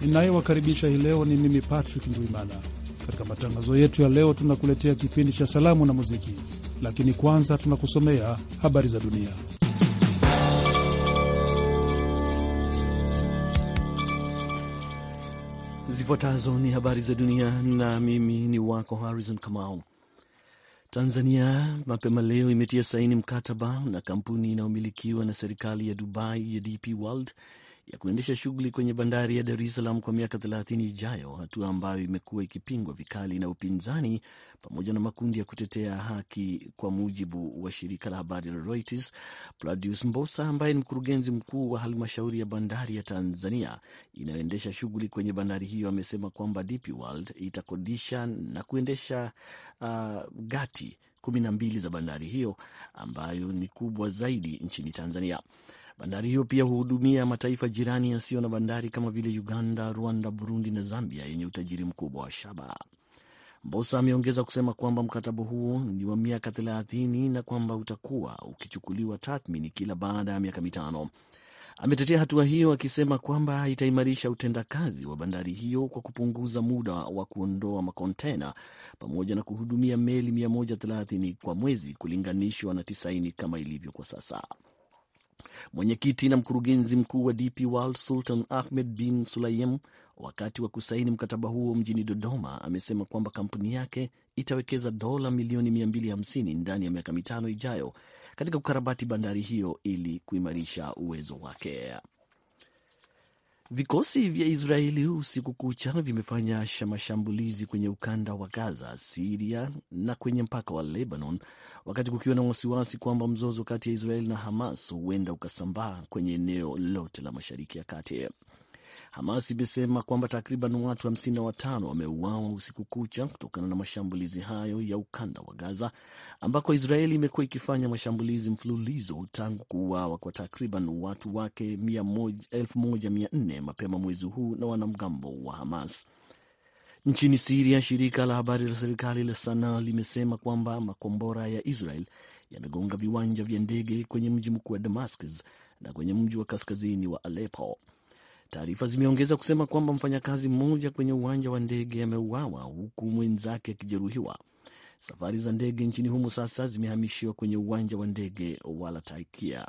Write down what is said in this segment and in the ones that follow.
ninayewakaribisha hii leo ni mimi Patrick Ndwimana. Katika matangazo yetu ya leo, tunakuletea kipindi cha salamu na muziki, lakini kwanza tunakusomea habari za dunia. Zifuatazo ni habari za dunia, na mimi ni wako Harrison Kamau. Tanzania mapema leo imetia saini mkataba na kampuni inayomilikiwa na serikali ya Dubai ya DP World ya kuendesha shughuli kwenye bandari ya Dar es Salaam kwa miaka 30 ijayo, hatua ambayo imekuwa ikipingwa vikali na upinzani pamoja na makundi ya kutetea haki, kwa mujibu wa shirika la habari la Reuters. Pladius Mbosa ambaye ni mkurugenzi mkuu wa halmashauri ya bandari ya Tanzania inayoendesha shughuli kwenye bandari hiyo amesema kwamba DP World itakodisha na kuendesha uh, gati kumi na mbili za bandari hiyo ambayo ni kubwa zaidi nchini Tanzania. Bandari hiyo pia huhudumia mataifa jirani yasiyo na bandari kama vile Uganda, Rwanda, Burundi na Zambia yenye utajiri mkubwa wa shaba. Mbosa ameongeza kusema kwamba mkataba huo ni wa miaka thelathini na kwamba utakuwa ukichukuliwa tathmini kila baada ya miaka mitano ametetea hatua hiyo akisema kwamba itaimarisha utendakazi wa bandari hiyo kwa kupunguza muda wa kuondoa makontena pamoja na kuhudumia meli 130 kwa mwezi kulinganishwa na 90 kama ilivyo kwa sasa. Mwenyekiti na mkurugenzi mkuu wa DP World Sultan Ahmed bin Sulayem, wakati wa kusaini mkataba huo mjini Dodoma, amesema kwamba kampuni yake itawekeza dola milioni 250 ndani ya miaka mitano ijayo katika kukarabati bandari hiyo ili kuimarisha uwezo wake. Vikosi vya Israeli usiku kucha vimefanya mashambulizi kwenye ukanda wa Gaza, Siria na kwenye mpaka wa Lebanon, wakati kukiwa na wasiwasi kwamba mzozo kati ya Israeli na Hamas huenda ukasambaa kwenye eneo lote la Mashariki ya Kati. Hamas imesema kwamba takriban watu 55 wameuawa usiku kucha kutokana na mashambulizi hayo ya ukanda wa Gaza, ambako Israeli imekuwa ikifanya mashambulizi mfululizo tangu kuuawa kwa takriban watu wake 1400 mapema mwezi huu na wanamgambo wa Hamas. Nchini Siria, shirika la habari la serikali la sana limesema kwamba makombora ya Israel yamegonga viwanja vya ndege kwenye mji mkuu wa Damascus na kwenye mji wa kaskazini wa Aleppo. Taarifa zimeongeza kusema kwamba mfanyakazi mmoja kwenye uwanja wa ndege ameuawa huku mwenzake akijeruhiwa. Safari za ndege nchini humo sasa zimehamishiwa kwenye uwanja wa ndege wa Latakia.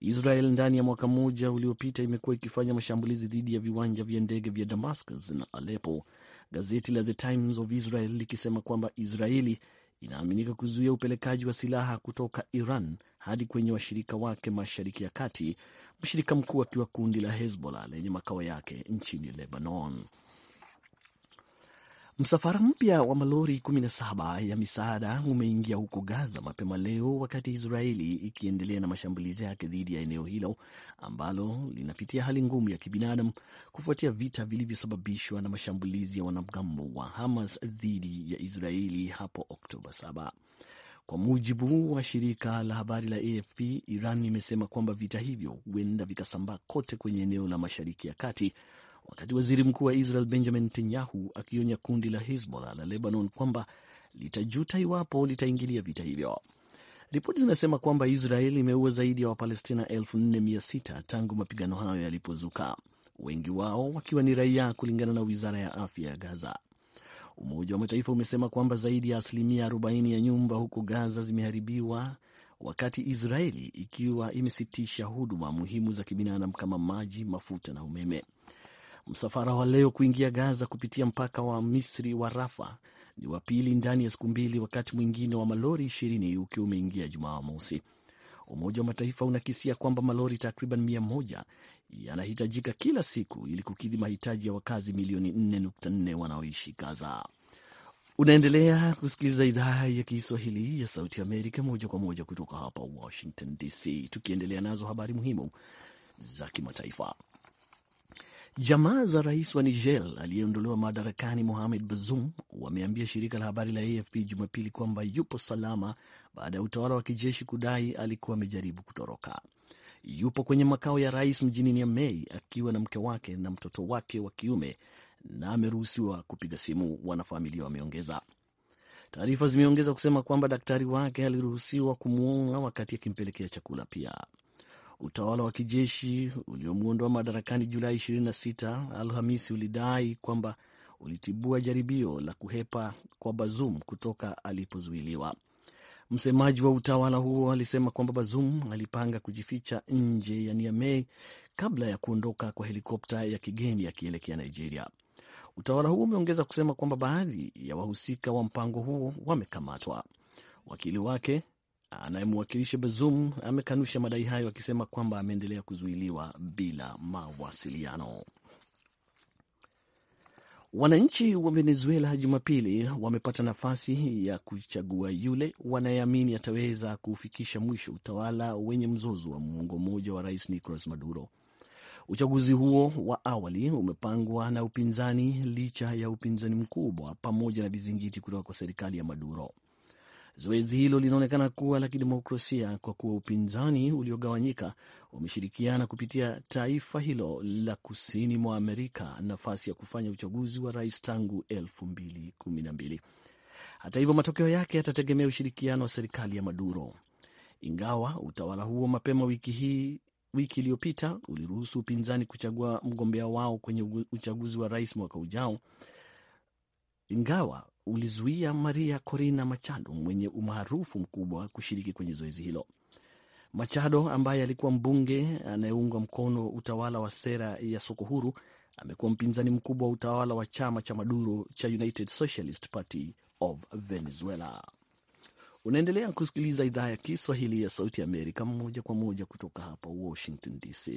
Israel ndani ya mwaka mmoja uliopita imekuwa ikifanya mashambulizi dhidi ya viwanja vya ndege vya Damascus na Aleppo, gazeti la The Times of Israel likisema kwamba Israeli inaaminika kuzuia upelekaji wa silaha kutoka Iran hadi kwenye washirika wake Mashariki ya Kati, mshirika mkuu akiwa kundi la Hezbollah lenye makao yake nchini Lebanon. Msafara mpya wa malori 17 ya misaada umeingia huko Gaza mapema leo, wakati Israeli ikiendelea na mashambulizi yake dhidi ya eneo hilo ambalo linapitia hali ngumu ya kibinadamu kufuatia vita vilivyosababishwa na mashambulizi ya wanamgambo wa Hamas dhidi ya Israeli hapo Oktoba kwa mujibu wa shirika la habari la AFP, Iran imesema kwamba vita hivyo huenda vikasambaa kote kwenye eneo la Mashariki ya Kati, wakati waziri mkuu wa Israel Benjamin Netanyahu akionya kundi la Hezbollah la Lebanon kwamba litajuta iwapo litaingilia vita hivyo. Ripoti zinasema kwamba Israel imeua zaidi ya Wapalestina 4600 tangu mapigano hayo yalipozuka, wengi wao wakiwa ni raia, kulingana na wizara ya afya ya Gaza. Umoja wa Mataifa umesema kwamba zaidi ya asilimia 40 ya nyumba huko Gaza zimeharibiwa wakati Israeli ikiwa imesitisha huduma muhimu za kibinadamu kama maji, mafuta na umeme. Msafara wa leo kuingia Gaza kupitia mpaka wa Misri wa Rafa ni wa pili ndani ya siku mbili, wakati mwingine wa malori ishirini ukiwa umeingia Jumamosi. Umoja wa Mataifa unakisia kwamba malori takriban mia moja yanahitajika kila siku ili kukidhi mahitaji ya wakazi milioni 4.4 wanaoishi Gaza. Unaendelea kusikiliza idhaa ya Kiswahili ya Sauti Amerika moja kwa moja kutoka hapa Washington DC, tukiendelea nazo habari muhimu za kimataifa. Jamaa za rais wa Niger aliyeondolewa madarakani Mohamed Bazoum wameambia shirika la habari la AFP Jumapili kwamba yupo salama baada ya utawala wa kijeshi kudai alikuwa amejaribu kutoroka yupo kwenye makao ya rais mjini Niamey akiwa na mke wake na mtoto wake wa kiume na ameruhusiwa kupiga simu, wanafamilia wameongeza. Taarifa zimeongeza kusema kwamba daktari wake aliruhusiwa kumwona wakati akimpelekea chakula. Pia utawala wa kijeshi uliomwondoa madarakani Julai 26 Alhamisi ulidai kwamba ulitibua jaribio la kuhepa kwa Bazoum kutoka alipozuiliwa. Msemaji wa utawala huo alisema kwamba Bazoum alipanga kujificha nje ya Niamey kabla ya kuondoka kwa helikopta ya kigeni akielekea Nigeria. Utawala huo umeongeza kusema kwamba baadhi ya wahusika wa mpango huo wamekamatwa. Wakili wake anayemwakilisha Bazoum amekanusha madai hayo akisema kwamba ameendelea kuzuiliwa bila mawasiliano. Wananchi wa Venezuela Jumapili wamepata nafasi ya kuchagua yule wanayeamini ataweza kufikisha mwisho utawala wenye mzozo wa muongo mmoja wa rais Nicolas Maduro. Uchaguzi huo wa awali umepangwa na upinzani licha ya upinzani mkubwa pamoja na vizingiti kutoka kwa serikali ya Maduro. Zoezi hilo linaonekana kuwa la kidemokrasia kwa kuwa upinzani uliogawanyika umeshirikiana kupitia taifa hilo la kusini mwa Amerika nafasi ya kufanya uchaguzi wa rais tangu 2012. Hata hivyo, matokeo yake yatategemea ushirikiano wa serikali ya Maduro, ingawa utawala huo mapema wiki hii wiki iliyopita uliruhusu upinzani kuchagua mgombea wao kwenye uchaguzi wa rais mwaka ujao. Ingawa ulizuia Maria Corina Machado mwenye umaarufu mkubwa kushiriki kwenye zoezi hilo. Machado ambaye alikuwa mbunge anayeunga mkono utawala wa sera ya soko huru amekuwa mpinzani mkubwa wa utawala wa chama cha Maduro cha United Socialist Party of Venezuela. Unaendelea kusikiliza idhaa ya Kiswahili ya Sauti Amerika moja kwa moja kutoka hapa Washington DC.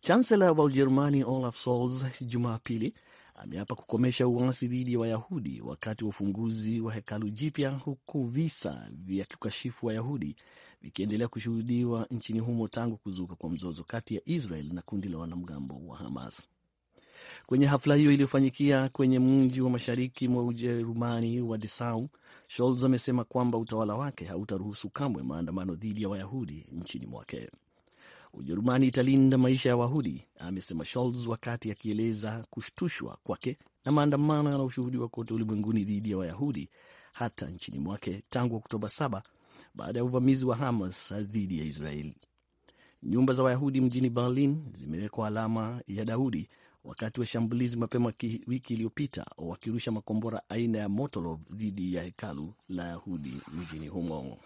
Chancellor wa Ujerumani Olaf Scholz Jumapili ameapa kukomesha uasi dhidi ya Wayahudi wakati wa ufunguzi wa hekalu jipya, huku visa vya kukashifu Wayahudi vikiendelea kushuhudiwa nchini humo tangu kuzuka kwa mzozo kati ya Israel na kundi la wanamgambo wa Hamas. Kwenye hafla hiyo iliyofanyikia kwenye mji wa mashariki mwa Ujerumani wa Dessau, Scholz amesema kwamba utawala wake hautaruhusu kamwe maandamano dhidi ya Wayahudi nchini mwake. Ujerumani italinda maisha ya Wahudi, amesema Scholz wakati akieleza kushtushwa kwake na maandamano yanayoshuhudiwa kote ulimwenguni dhidi ya Wayahudi, hata nchini mwake tangu Oktoba 7 baada ya uvamizi wa Hamas dhidi ya Israeli. Nyumba za Wayahudi mjini Berlin zimewekwa alama ya Daudi wakati wa shambulizi mapema wiki iliyopita, wakirusha makombora aina ya Molotov dhidi ya hekalu la Yahudi mjini humo.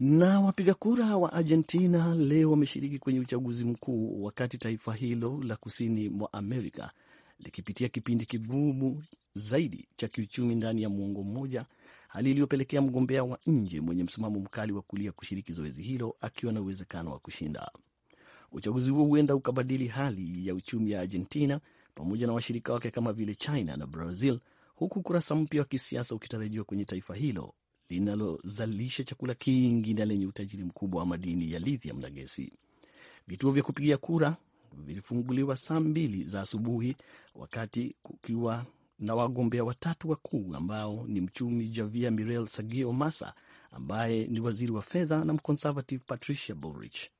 Na wapiga kura wa Argentina leo wameshiriki kwenye uchaguzi mkuu, wakati taifa hilo la kusini mwa Amerika likipitia kipindi kigumu zaidi cha kiuchumi ndani ya muongo mmoja, hali iliyopelekea mgombea wa nje mwenye msimamo mkali wa kulia kushiriki zoezi hilo akiwa na uwezekano wa kushinda. Uchaguzi huo huenda ukabadili hali ya uchumi ya Argentina pamoja na washirika wake kama vile China na Brazil, huku ukurasa mpya wa kisiasa ukitarajiwa kwenye taifa hilo linalozalisha chakula kingi na lenye utajiri mkubwa wa madini ya lithium na gesi. Vituo vya kupigia kura vilifunguliwa saa mbili za asubuhi wakati kukiwa na wagombea watatu wakuu ambao ni mchumi Javier Mirel Sagio Massa ambaye ni waziri wa fedha na mconservative Patricia Bullrich.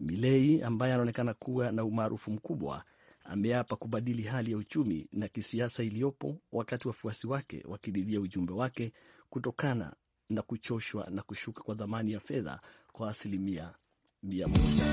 Milei ambaye anaonekana kuwa na umaarufu mkubwa ameapa kubadili hali ya uchumi na kisiasa iliyopo, wakati wafuasi wake wakididhia ujumbe wake kutokana na kuchoshwa na kushuka kwa thamani ya fedha kwa asilimia mia moja.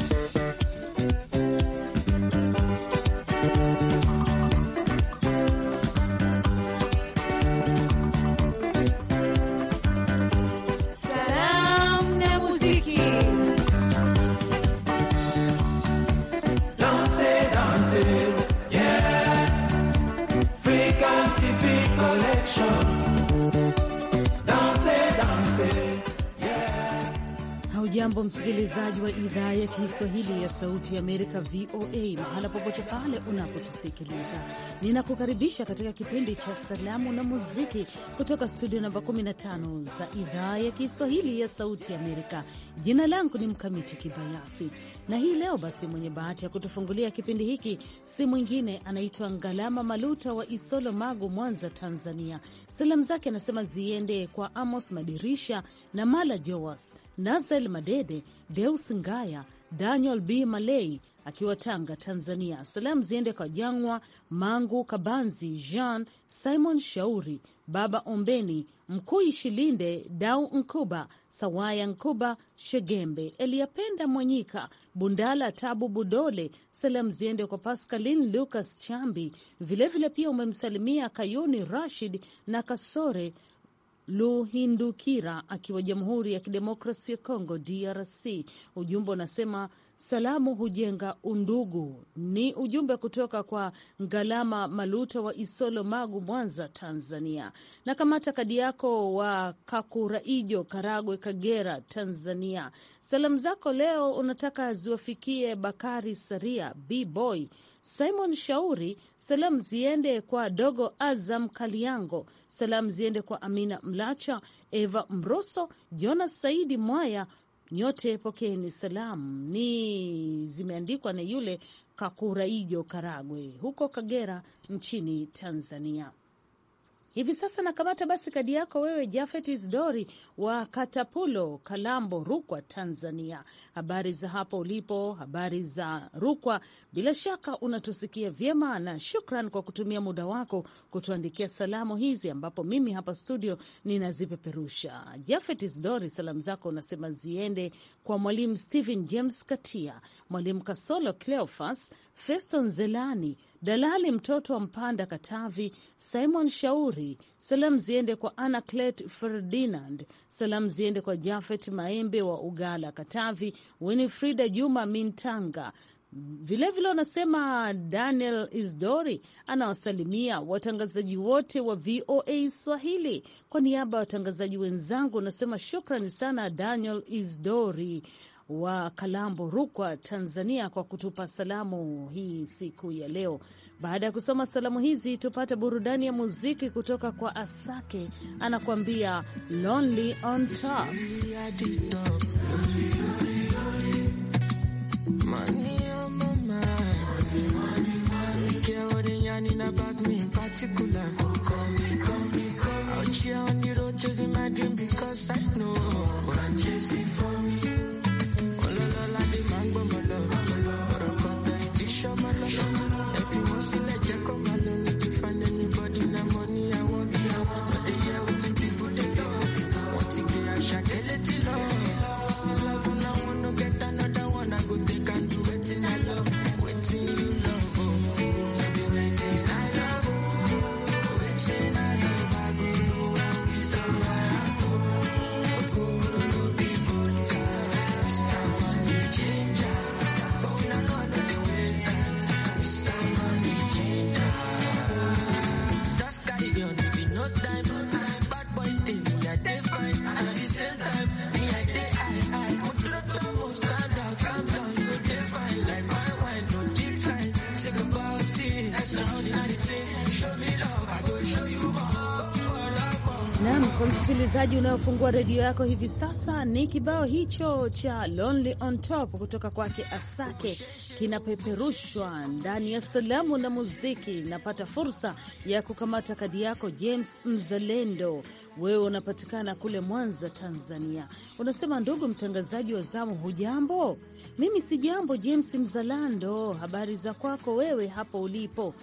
Hujambo msikilizaji wa idhaa ya Kiswahili ya Sauti ya Amerika, VOA, mahala popote pale unapotusikiliza, ninakukaribisha katika kipindi cha Salamu na Muziki kutoka studio namba 15 za idhaa ya Kiswahili ya Sauti ya Amerika. Jina langu ni Mkamiti Kibayasi, na hii leo basi mwenye bahati ya kutufungulia kipindi hiki si mwingine, anaitwa Ngalama Maluta wa Isolo, Magu, Mwanza, Tanzania. Salamu zake anasema ziende kwa Amos Madirisha na Mala Joas, Nazel Made Dede, Deus Ngaya, Daniel B Malei akiwa Tanga, Tanzania. Salamu ziende kwa Jangwa Mangu, Kabanzi Jean, Simon Shauri, Baba Ombeni, Mkui Shilinde, Dau Nkuba, Sawaya Nkuba, Shegembe, Eliyapenda Mwanyika, Bundala Tabu Budole. Salamu ziende kwa Pascalin Lucas Chambi, vilevile vile pia umemsalimia Kayuni Rashid na Kasore Luhindukira akiwa Jamhuri ya Kidemokrasi ya Kongo, DRC. Ujumbe unasema salamu hujenga undugu. Ni ujumbe kutoka kwa Ngalama Maluta wa Isolo, Magu, Mwanza, Tanzania. Na kamata kadi yako wa Kakuraijo, Karagwe, Kagera, Tanzania. Salamu zako leo unataka ziwafikie Bakari Saria, B Boy Simon Shauri, salamu ziende kwa Dogo Azam Kaliango, salamu ziende kwa Amina Mlacha, Eva Mroso, Jonas Saidi Mwaya, nyote pokeeni salamu. Ni zimeandikwa na yule Kakuraijo Karagwe huko Kagera nchini Tanzania. Hivi sasa nakamata basi kadi yako wewe, Jafet Isdori wa Katapulo, Kalambo, Rukwa, Tanzania. Habari za hapo ulipo, habari za Rukwa. Bila shaka unatusikia vyema, na shukran kwa kutumia muda wako kutuandikia salamu hizi, ambapo mimi hapa studio ninazipeperusha. Jafet Isdori, salamu zako unasema ziende kwa mwalimu Stephen James Katia, mwalimu Kasolo Cleofas, Feston Zelani Dalali mtoto wa Mpanda Katavi, Simon Shauri. Salamu ziende kwa Anaclet Ferdinand. Salamu ziende kwa Jafet Maembe wa Ugala Katavi, Winifrida Juma Mintanga. Vilevile wanasema Daniel Isdori anawasalimia watangazaji wote wa VOA Swahili. Kwa niaba ya watangazaji wenzangu, unasema shukrani sana Daniel Isdori wa Kalambo, Rukwa, Tanzania, kwa kutupa salamu hii siku ya leo. Baada ya kusoma salamu hizi, tupate burudani ya muziki kutoka kwa Asake, anakuambia Lonely on Top. Out I'm chasing for Naam, kwa msikilizaji unayofungua redio yako hivi sasa, ni kibao hicho cha Lonely on Top kutoka kwake Asake kinapeperushwa ndani ya salamu na muziki. Napata fursa ya kukamata kadi yako James Mzalendo, wewe unapatikana kule Mwanza, Tanzania. Unasema ndugu mtangazaji wa zamu, hujambo? Mimi si jambo, James Mzalando, habari za kwako wewe hapo ulipo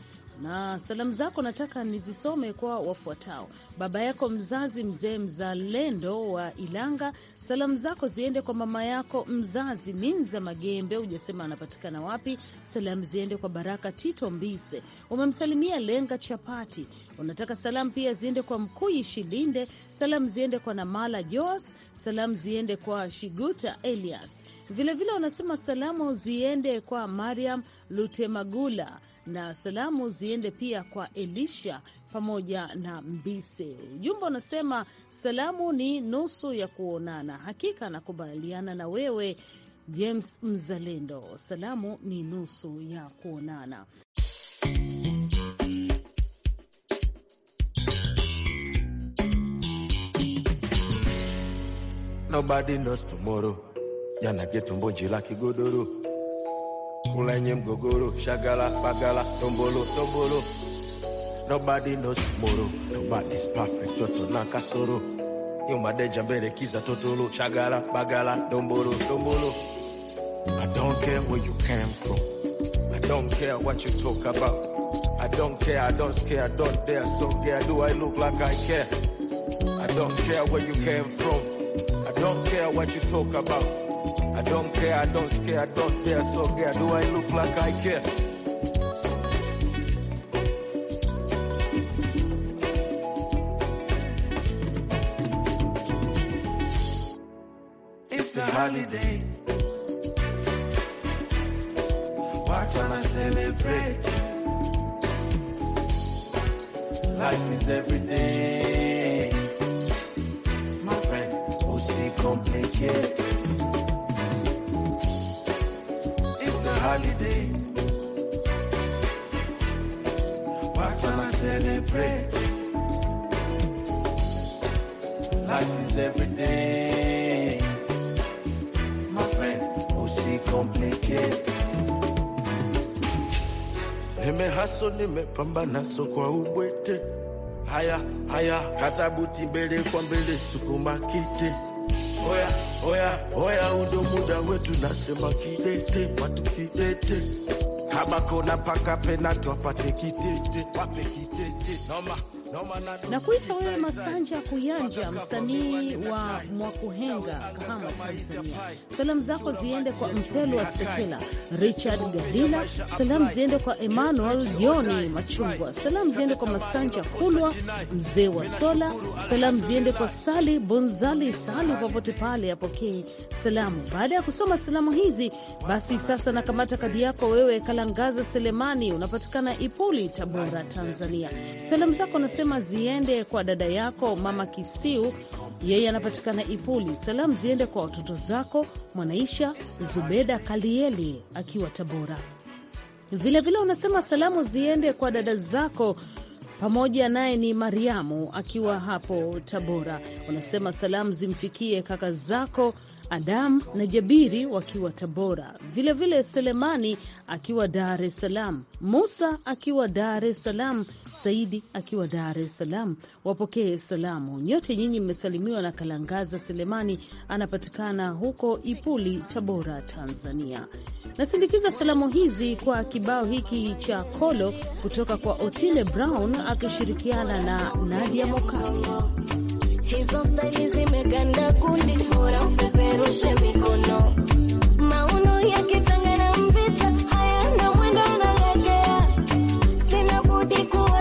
na salamu zako nataka nizisome kwa wafuatao. Baba yako mzazi mzee mzalendo wa Ilanga, salamu zako ziende kwa mama yako mzazi Minza Magembe, hujasema anapatikana wapi. Salamu ziende kwa Baraka Tito Mbise, umemsalimia Lenga Chapati, unataka salamu pia ziende kwa Mkuyi Shilinde, salamu ziende kwa Namala Joas, salamu ziende kwa Shiguta Elias, vilevile unasema salamu ziende kwa Mariam Lutemagula na salamu ziende pia kwa Elisha pamoja na Mbise. Ujumbe unasema salamu ni nusu ya kuonana. Hakika nakubaliana na wewe James Mzalendo, salamu ni nusu ya kuonana. Nobody knows tomorrow, jana getumbo njila kigodoro kulenye mgogoro, shagala bagala, tombolo tombolo. Nobody knows tomorrow, nobody's perfect, toto nakasoro kasoro. Yo madeja mbele kiza totolo, shagala bagala, tombolo tombolo. I don't care where you came from. I don't care what you talk about. I don't care, I don't care, I don't dare. So yeah, do I look like I care? I don't care where you came from. I don't care what you talk about. I don't care, I don't scare, I don't dare, so care. Do I look like I care? It's a holiday. Why can't I celebrate? Life is every day. My friend, we'll see complicated. holiday. What can I celebrate? Life is every day. My friend, Nimehaso, nimepambana ubwete. Haya haya, kasabuti Oya, oya, undo muda wetu, nasema kidete, watu kidete, kama kona paka penato apate kitete, wape kitete noma na kuita wewe Masanja Kuyanja, msanii wa Mwakuhenga, Kahama, Tanzania. Salamu zako ziende kwa Mpelwa Sekela, Richard Gadila. Salamu ziende kwa Emmanuel Joni Machungwa. Salamu ziende kwa Masanja Kulwa, mzee wa Sola. Salamu ziende kwa Sali Bonzali Sali, popote pale apokee salamu. Baada ya kusoma salamu hizi, basi sasa nakamata kadi yako wewe, Kalangaza Selemani, unapatikana Ipuli, Tabora, Tanzania. Salamu zako nasema anasema ziende kwa dada yako mama Kisiu, yeye anapatikana Ipuli. Salamu ziende kwa watoto zako Mwanaisha Zubeda Kalieli akiwa Tabora. Vilevile vile unasema salamu ziende kwa dada zako pamoja naye ni Mariamu akiwa hapo Tabora. Unasema salamu zimfikie kaka zako Adam na Jabiri wakiwa Tabora, vilevile vile Selemani akiwa Dar es Salaam, Musa akiwa Dar es Salaam, Saidi akiwa Dar es Salaam. Wapokee salamu nyote nyinyi, mmesalimiwa na Kalangaza Selemani, anapatikana huko Ipuli, Tabora, Tanzania. Nasindikiza salamu hizi kwa kibao hiki cha Kolo kutoka kwa Otile Brown akishirikiana na Nadia Mokali hizo staili zimeganda kundi, bora upeperushe mikono, mauno yakitangana mpita hayana mwendo, nalegea sina budi ku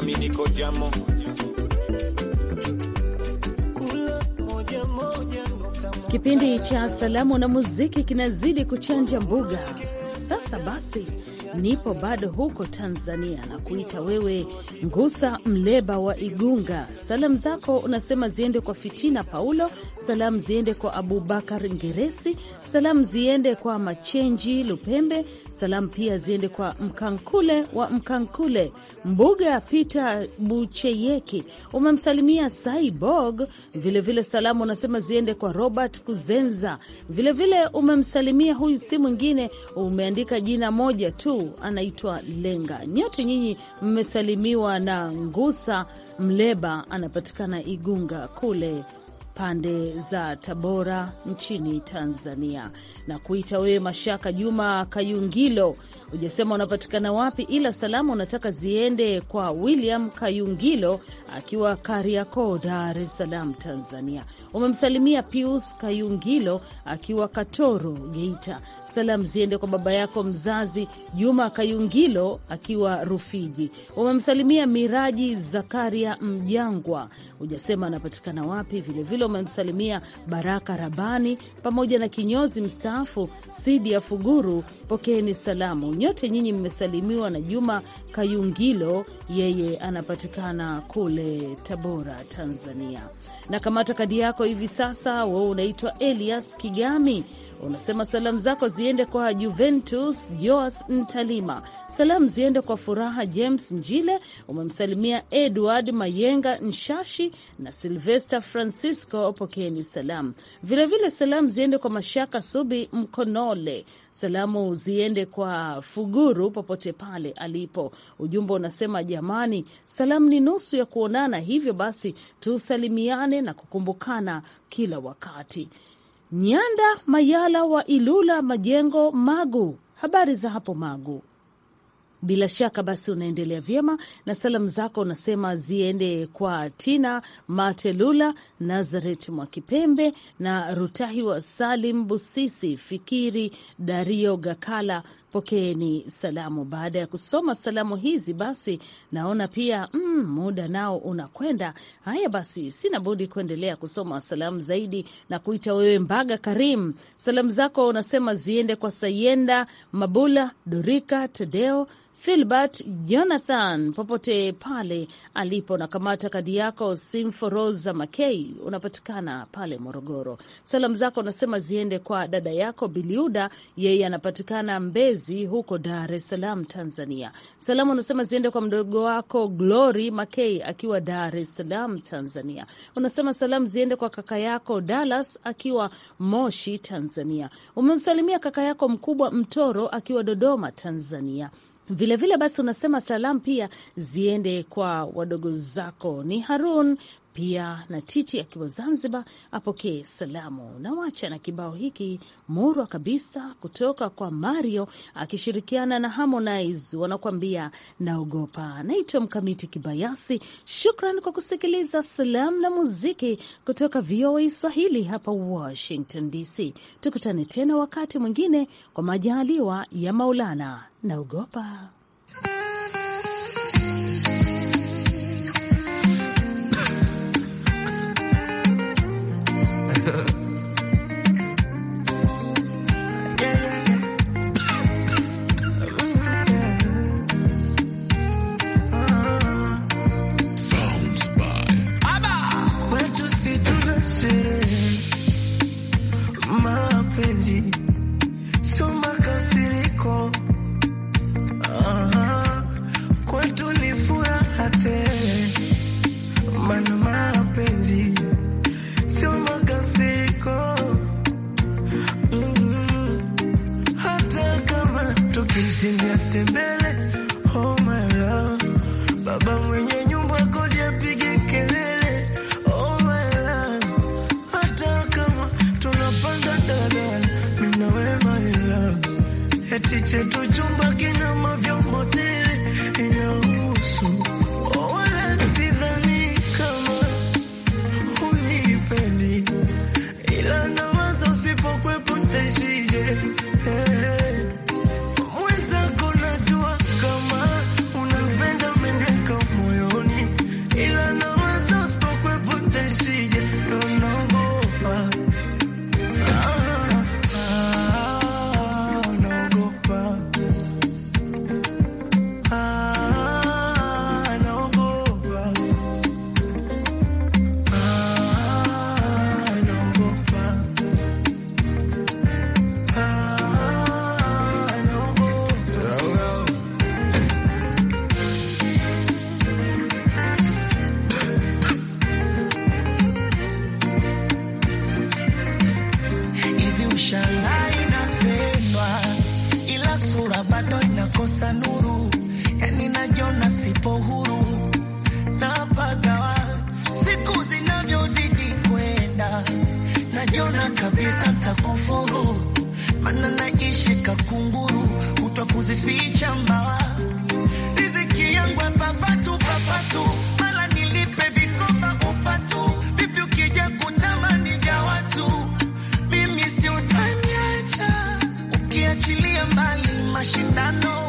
nami niko jamo Kipindi cha salamu na muziki kinazidi kuchanja mbuga. Sasa basi nipo bado huko Tanzania na kuita wewe Ngusa Mleba wa Igunga. Salamu zako unasema ziende kwa Fitina Paulo, salamu ziende kwa Abubakar Ngeresi, salamu ziende kwa Machenji Lupembe, salamu pia ziende kwa Mkankule wa Mkankule, Mbuga Pita Bucheyeki. Umemsalimia saibog vilevile vile, salamu unasema ziende kwa Robert Kuzenza vilevile vile, umemsalimia huyu si mwingine, umeandika jina moja tu Crew anaitwa Lenga. Nyote nyinyi mmesalimiwa na Ngusa Mleba, anapatikana Igunga kule pande za Tabora nchini Tanzania, na kuita wewe Mashaka Juma Kayungilo. Ujasema unapatikana wapi, ila salamu unataka ziende kwa William Kayungilo akiwa Kariakoo, Dar es Salaam, Tanzania. Umemsalimia Pius Kayungilo akiwa Katoro, Geita. Salamu ziende kwa baba yako mzazi Juma Kayungilo akiwa Rufiji. Umemsalimia Miraji Zakaria Mjangwa, ujasema anapatikana wapi vilevile wamemsalimia Baraka Rabani pamoja na kinyozi mstaafu Sidi ya Fuguru. Pokeeni salamu nyote, nyinyi mmesalimiwa na Juma Kayungilo, yeye anapatikana kule Tabora, Tanzania. Na kamata kadi yako hivi sasa, wewe unaitwa Elias Kigami Unasema salamu zako ziende kwa Juventus Joas Ntalima, salamu ziende kwa Furaha James Njile, umemsalimia Edward Mayenga Nshashi na Silvester Francisco, pokeni salamu vilevile. Salamu ziende kwa Mashaka Subi Mkonole, salamu ziende kwa Fuguru popote pale alipo. Ujumbe unasema jamani, salamu ni nusu ya kuonana, hivyo basi tusalimiane na kukumbukana kila wakati. Nyanda Mayala wa Ilula Majengo, Magu. Habari za hapo Magu? Bila shaka basi unaendelea vyema na salamu zako unasema ziende kwa Tina Matelula, Nazaret Mwakipembe na Rutahi wa Salim Busisi, Fikiri Dario Gakala Pokeeni salamu. Baada ya kusoma salamu hizi, basi naona pia mm, muda nao unakwenda. Haya basi, sina budi kuendelea kusoma salamu zaidi na kuita wewe Mbaga Karim. Salamu zako unasema ziende kwa Sayenda Mabula, Dorika Tadeo Filbert Jonathan popote pale alipo na kamata kadi yako. Simforoza Makei, unapatikana pale Morogoro. Salamu zako unasema ziende kwa dada yako Biliuda, yeye anapatikana Mbezi huko Dar es Salaam, Tanzania. Salamu unasema ziende kwa mdogo wako Glory Makei akiwa Dar es Salaam, Tanzania. Unasema salamu ziende kwa kaka yako Dallas akiwa Moshi, Tanzania. Umemsalimia kaka yako mkubwa Mtoro akiwa Dodoma, Tanzania. Vilevile vile basi, unasema salamu pia ziende kwa wadogo zako, ni Harun pia na Titi akiwa Zanzibar apokee salamu na wacha na kibao hiki murwa kabisa kutoka kwa Mario akishirikiana na Harmonize wanakuambia naogopa. Naitwa Mkamiti Kibayasi, shukran kwa kusikiliza salamu na muziki kutoka VOA Swahili hapa Washington DC. Tukutane tena wakati mwingine kwa majaliwa ya Maulana. Naogopa kukosa nuru, yani najiona sipo huru na siku zinavyozidi kwenda najona kabisa takufuru, mana naishi kakunguru, utakuzificha mbawa, riziki yangu papatu papatu, mala nilipe vikomba upatu, vipi ukija kutamani watu, mimi si ukiachilia mbali mashindano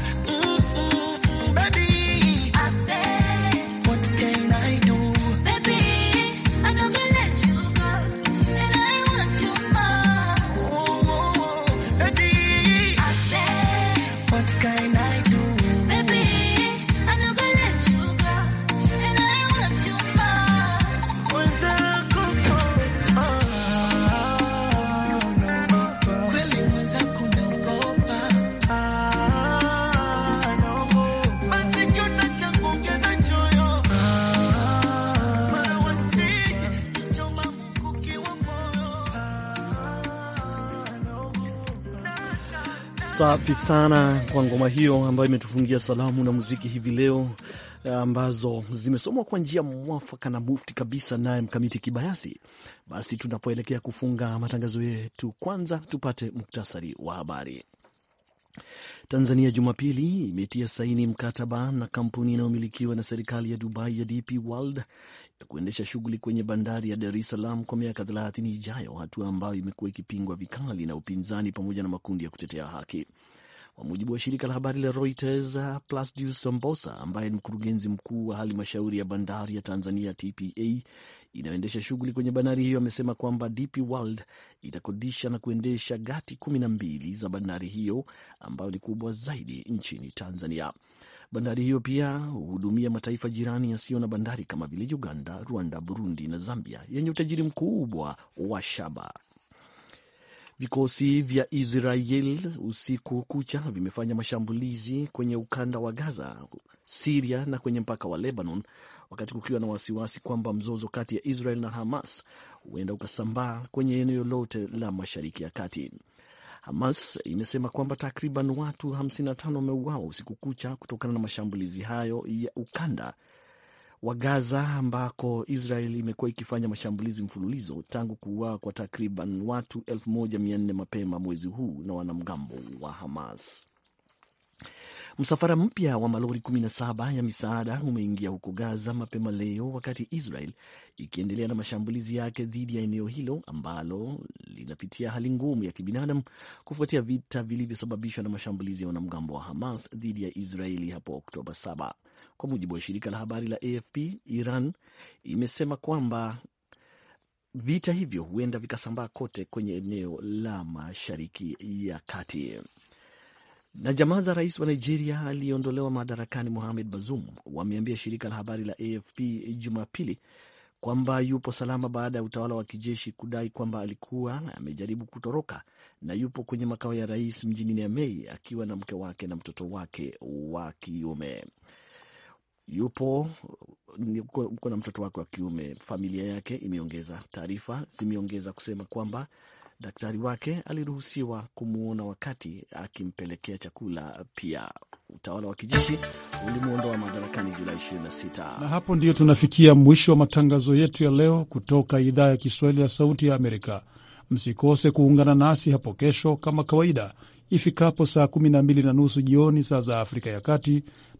asanti sana kwa ngoma hiyo ambayo imetufungia salamu na muziki hivi leo, ambazo zimesomwa kwa njia mwafaka na mufti kabisa, naye Mkamiti Kibayasi. Basi tunapoelekea kufunga matangazo yetu, kwanza tupate muktasari wa habari. Tanzania Jumapili imetia saini mkataba na kampuni inayomilikiwa na serikali ya Dubai ya DP World ya kuendesha shughuli kwenye bandari ya Dar es Salaam kwa miaka 30 ijayo, hatua ambayo imekuwa ikipingwa vikali na upinzani pamoja na makundi ya kutetea haki kwa mujibu wa shirika la habari la Reuters. Plasdius Sambosa ambaye ni mkurugenzi mkuu wa halmashauri ya bandari ya Tanzania TPA inayoendesha shughuli kwenye bandari hiyo amesema kwamba DP World itakodisha na kuendesha gati kumi na mbili za bandari hiyo ambayo ni kubwa zaidi nchini Tanzania. Bandari hiyo pia huhudumia mataifa jirani yasiyo na bandari kama vile Uganda, Rwanda, Burundi na Zambia yenye utajiri mkubwa wa shaba. Vikosi vya Israel usiku kucha vimefanya mashambulizi kwenye ukanda wa Gaza, Siria na kwenye mpaka wa Lebanon, wakati kukiwa na wasiwasi kwamba mzozo kati ya Israel na Hamas huenda ukasambaa kwenye eneo lote la Mashariki ya Kati. Hamas imesema kwamba takriban watu 55 wameuawa usiku kucha kutokana na mashambulizi hayo ya ukanda wa Gaza ambako Israel imekuwa ikifanya mashambulizi mfululizo tangu kuuawa kwa takriban watu 1400 mapema mwezi huu na wanamgambo wa Hamas. Msafara mpya wa malori 17 ya misaada umeingia huko Gaza mapema leo, wakati Israel ikiendelea na mashambulizi yake dhidi ya eneo hilo ambalo linapitia hali ngumu ya kibinadamu kufuatia vita vilivyosababishwa na mashambulizi ya wanamgambo wa Hamas dhidi ya Israeli hapo Oktoba kwa mujibu wa shirika la habari la AFP, Iran imesema kwamba vita hivyo huenda vikasambaa kote kwenye eneo la Mashariki ya Kati. Na jamaa za rais wa Nigeria aliyeondolewa madarakani Mohamed Bazoum wameambia shirika la habari la AFP Jumapili kwamba yupo salama baada ya utawala wa kijeshi kudai kwamba alikuwa amejaribu kutoroka na yupo kwenye makao ya rais mjini Niamey akiwa na mke wake na mtoto wake wa kiume yupo uko na mtoto wake wa kiume. Familia yake imeongeza taarifa zimeongeza kusema kwamba daktari wake aliruhusiwa kumwona wakati akimpelekea chakula. Pia utawala wa kijeshi ulimwondoa madarakani Julai 26. Na hapo ndiyo tunafikia mwisho wa matangazo yetu ya leo kutoka idhaa ya Kiswahili ya Sauti ya Amerika. Msikose kuungana nasi hapo kesho kama kawaida ifikapo saa 12 na nusu jioni saa za Afrika ya Kati